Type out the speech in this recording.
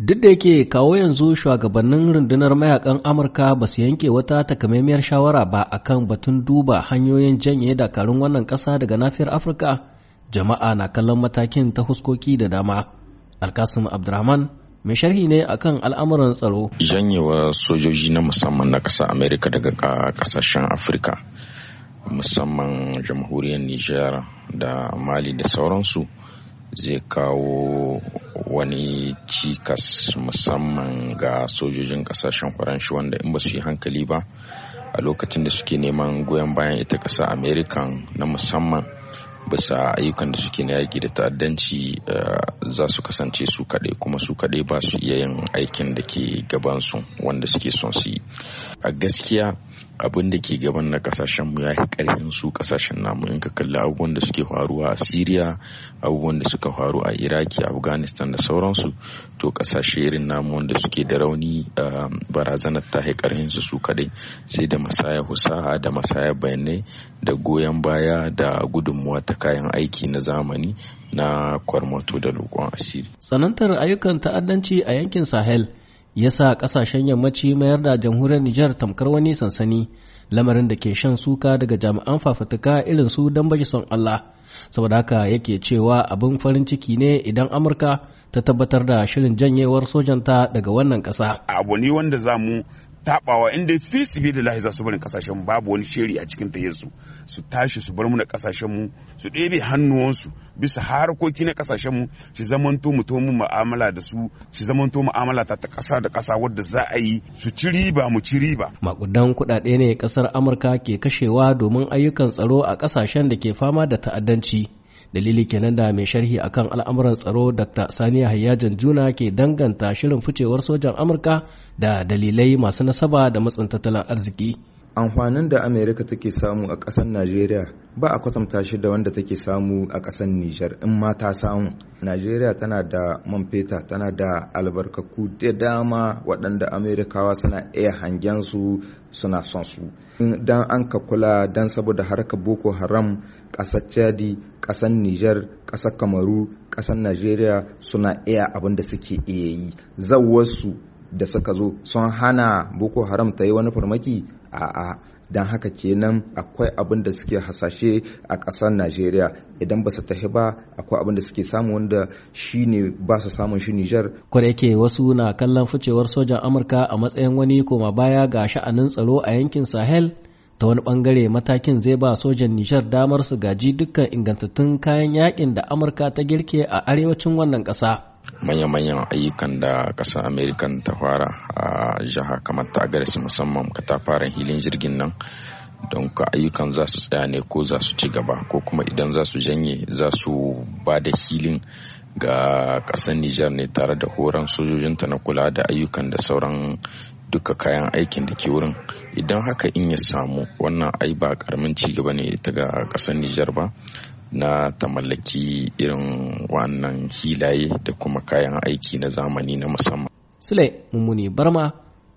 Duk da yake kawo yanzu shugabannin rundunar mayakan Amurka ba su yanke wata takamaimiyar shawara ba a akan batun duba hanyoyin janye dakarun wannan ƙasa daga nafiyar Afirka, jama'a na kallon matakin ta huskoki da dama. Alkasim Abdurrahman mai sharhi ne akan al'amuran tsaro. Janyewa sojoji na musamman na ƙasa Amerika daga ƙasashen Afirka, musamman jamhuriyar Nijar da Mali da sauransu. zai kawo wani cikas musamman ga sojojin kasashen faranshi wanda in ba su yi hankali ba a lokacin da suke neman goyon bayan ita kasa amerikan na musamman bisa ayyukan da suke na yaki da ta'addanci eh, za su kasance su kaɗai kuma su kaɗai ba su iya yin aikin da ke gabansu wanda suke son su yi a gaskiya abin da ke gaban na kasashen mu ya fi karfin su kasashen namu in ka kalli abubuwan da suke faruwa a syria abubuwan da suka faru a Iraki Afghanistan da sauransu to kasashe irin namu wanda suke da rauni um, barazanar ta fi karfin su su kadai sai da masaya husaha da masaya bayanai da goyon baya da gudunmuwa ta kayan aiki na zamani na kwarmato da lokon asiri. Sanantar ayyukan ta'addanci a yankin Sahel ya sa ƙasashen yammaci mayar da jamhuriyar Nijar tamkar wani sansani lamarin da ke shan suka daga jami'an fafutuka irin su don baji son Allah saboda haka yake cewa abin farin ciki ne idan Amurka ta tabbatar da shirin janyewar sojanta daga wannan ƙasa. Abu ne wanda za mu tabawa inda fi da za su barin kasashen babu wani shiri a cikin tayyarsu su tashi su bar mu na kasashen mu su ɗebe hannuwansu bisa harkoki na kasashen mu su zamanto mu mu mu'amala da su su zamanto mu'amala ta kasa da kasa wadda za a yi su ci riba mu ci riba makudan kuɗaɗe ne kasar Amurka ke kashewa domin ayyukan tsaro a kasashen da ke fama da ta'addanci dalili kenan da mai sharhi akan al'amuran tsaro dr saniya hayyajan juna ke danganta shirin ficewar sojan amurka da dalilai masu nasaba da matsin tattalin arziki amfanin da amerika take samu a ƙasar najeriya ba a kwatanta shi da wanda take samu a ƙasar nijar in ma ta samu najeriya tana da man feta tana da albarkaku da dama waɗanda amerikawa suna iya hangen su suna son su dan an ka kula dan saboda harka boko haram ƙasar chadi ƙasan niger ƙasar kamaru ƙasar nigeria suna iya abin da suke iya yi zawarsu da suka zo sun hana boko haram ta yi wani farmaki a'a don haka kenan akwai abin da suke hasashe a ƙasar najeriya idan ba su tafi ba akwai abin da suke samu wanda shi ne ba su samun shi nijar kwada yake wasu na kallon ficewar sojan amurka a matsayin wani koma baya ga sha'anin tsaro a yankin sahel ta wani bangare matakin zai ba sojan nijar damar su gaji dukkan ingantattun kayan yakin da amurka ta girke a arewacin wannan ƙasa manya-manyan ayyukan da ƙasar amerikan ta fara a jiha kamar ta agarsi musamman katafaren hilin jirgin nan don ka ayyukan za su tsaya ne ko za su ci gaba ko kuma idan za su janye za su ba da hilin ga kasar Nijar ne tare da horon sojojinta na kula da ayyukan da sauran duka kayan aikin da ke wurin idan haka in ya samu wannan ai ba karamin ci gaba ne ta ga kasar Nijar ba na ta mallaki irin wannan hilaye da kuma kayan aiki na zamani na musamman. Sule Mummuni Barma